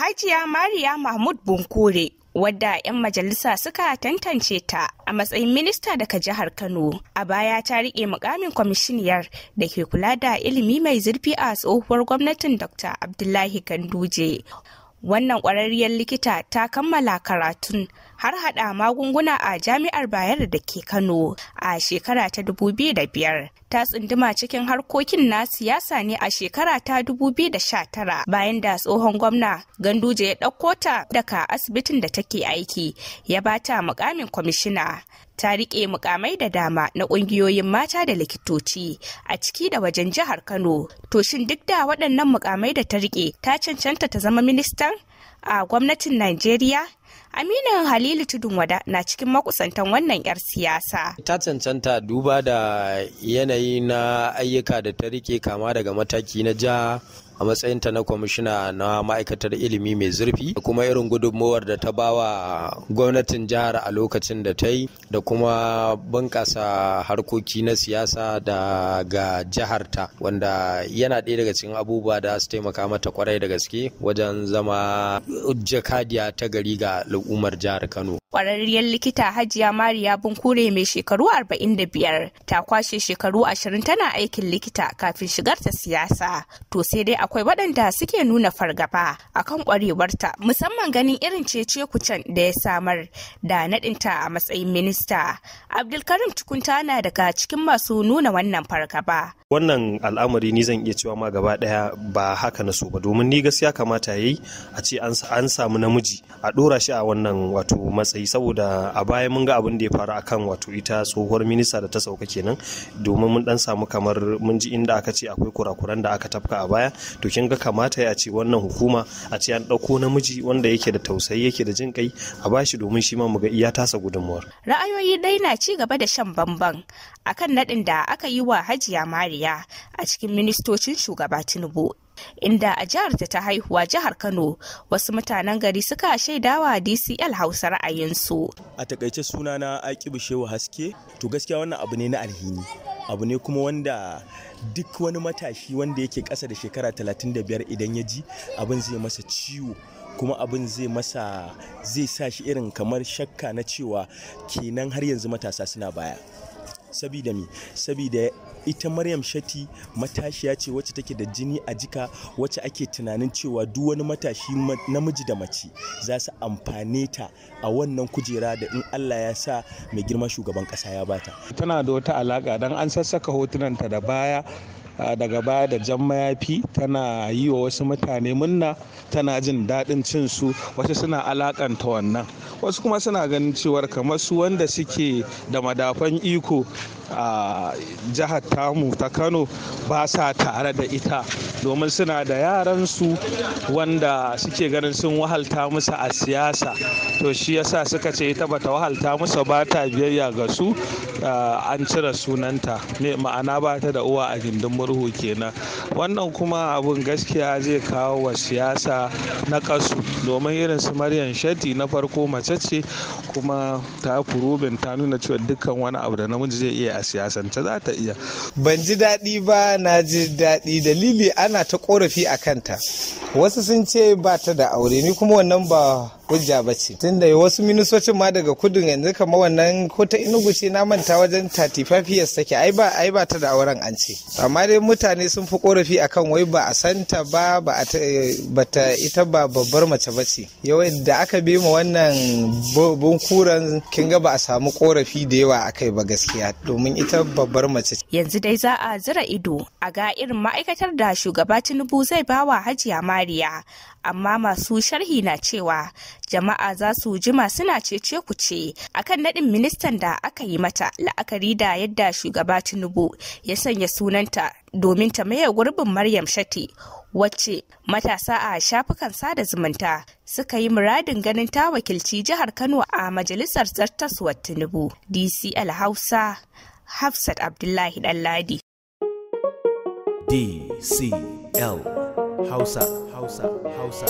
Hajiya Mariya Mahmud Bunkure wadda 'yan majalisa suka tantance ta a matsayin minista daga jihar Kano. A baya ta riƙe mukamin kwamishiniyar da ke kula da ilimi mai zurfi a tsohuwar gwamnatin Dr. Abdullahi Ganduje. Wannan ƙwararriyar likita ta kammala karatun har hada magunguna a jami'ar Bayero da ke Kano a shekara ta 2005. Ta tsunduma cikin harkokin na siyasa ne a shekara ta 2019 bayan da tsohon gwamna Ganduje ya ɗauko ta daga asibitin da take aiki ya bata mukamin kwamishina. ta riƙe mukamai da dama na ƙungiyoyin mata da likitoci a ciki da wajen jihar Kano. To shin duk da waɗannan mukamai da ta rike ta cancanta ta zama ministan a gwamnatin Najeriya? Aminu Halilu Tudun Wada na cikin makusantan wannan 'yar siyasa. Ta cancanta duba da yanayi na ayyuka da ta rike kama daga mataki na jiha a matsayinta na kwamishina na ma'aikatar ilimi mai zurfi da kuma irin gudummawar da ta bawa gwamnatin jihar a lokacin da ta yi da kuma bunƙasa harkoki na siyasa daga jiharta wanda yana ɗaya daga cikin abubuwa da su taimaka mata kwarai da gaske wajen zama jakadiya ta gari ga al'ummar jihar kano kwararriyar likita Hajiya Mariya Bunkure mai shekaru 45 ta kwashe shekaru 20 tana aikin likita kafin shigarta siyasa. To sai dai akwai waɗanda suke nuna fargaba akan kwarewarta musamman ganin irin cece kucen da ya samar da naɗinta a matsayin minista. Abdulkarim Tukunta na daga cikin masu nuna wannan fargaba. Wannan al'amari ni zan iya cewa ma gaba ɗaya ba haka na so ba domin ni gaskiya kamata yayi a ce an samu namiji a ɗora shi a wannan wato matsayi. yi saboda a baya mun ga abin da ya faru akan wato ita tsohuwar minista da ta sauka kenan domin mun dan samu kamar mun ji inda aka ce akwai kurakuran da aka tafka a baya to kin ga kamata ya ce wannan hukuma a ce an ɗauko namiji wanda yake da tausayi yake da jin kai a bashi domin shi ma mu ga iya tasa gudunmuwar. Ra'ayoyi dai na ci gaba da shan bamban akan nadin da aka yi wa Hajiya Mariya a cikin ministocin shugaba Tinubu inda a jihar ta ta haihuwa jihar Kano wasu mutanen gari suka shaidawa DCL Hausa ra'ayinsu. A takaice sunana Akibu bishewa Haske to gaskiya wannan abu ne na alhini abu ne kuma wanda duk wani matashi wanda yake ƙasa da shekara 35 idan ya ji abin zai masa ciwo kuma abin zai masa zai sa shi irin kamar shakka na cewa kenan har yanzu matasa suna baya sabida mi sabida ita maryam shati matashiya ce wacce take da jini a jika wacce ake tunanin cewa duk wani matashi namiji da mace za su amfane ta a wannan kujera da in allah ya sa mai girma shugaban kasa ya bata tana da wata alaka dan an sassaka hotunanta da baya daga baya da jan mayafi tana yi wa wasu mutane munna tana jin daɗin cin su wasu suna alakanta wannan wasu kuma suna ganin cewar kamar su wanda suke da madafan iko a jihar tamu ta kano ba sa tare da ita domin suna da yaransu wanda suke ganin sun wahalta musu a siyasa to shi yasa suka ce ita bata wahalta musu ba ta biyayya ga su an cire sunanta ne ma'ana ba ta da uwa a gindin murhu kenan wannan kuma abun gaskiya zai kawo wa siyasa na kasu domin irin su maryam shetty na farko mace ce kuma ta furubin ta nuna cewa dukkan wani abu da namiji zai iya siyasance za ta iya ban ji daɗi ba na ji daɗi dalili ana ta ƙorafi a kanta wasu sun ce ba ta da aure ni kuma wannan ba hujja ba ce tunda wasu minisocin ma daga kudu yanzu kama wannan ko ta inugu ce na manta wajen 35 years take ai ba ta da auren an ce amma dai mutane sun fi korafi akan wai ba a santa ba ba ta ita ba babbar mace ba ce yawai da aka bi ma wannan kuran kin ga ba a samu korafi da yawa akai ba gaskiya domin ita babbar mace yanzu dai za a zira ido a ga irin ma'aikatar da shugaba tinubu zai bawa hajiya ma kariya amma masu sharhi na cewa jama'a za su jima suna cece ku ce akan nadin ministan da aka yi mata la'akari da yadda shugaba tinubu ya sanya sunanta domin ta maye gurbin maryam shati wacce matasa a shafukan sada zumunta suka yi muradin ganin ta wakilci jihar kano a majalisar zartaswar tinubu dcl hausa hafsat abdullahi ɗanladi dcl 好食，好食，好食。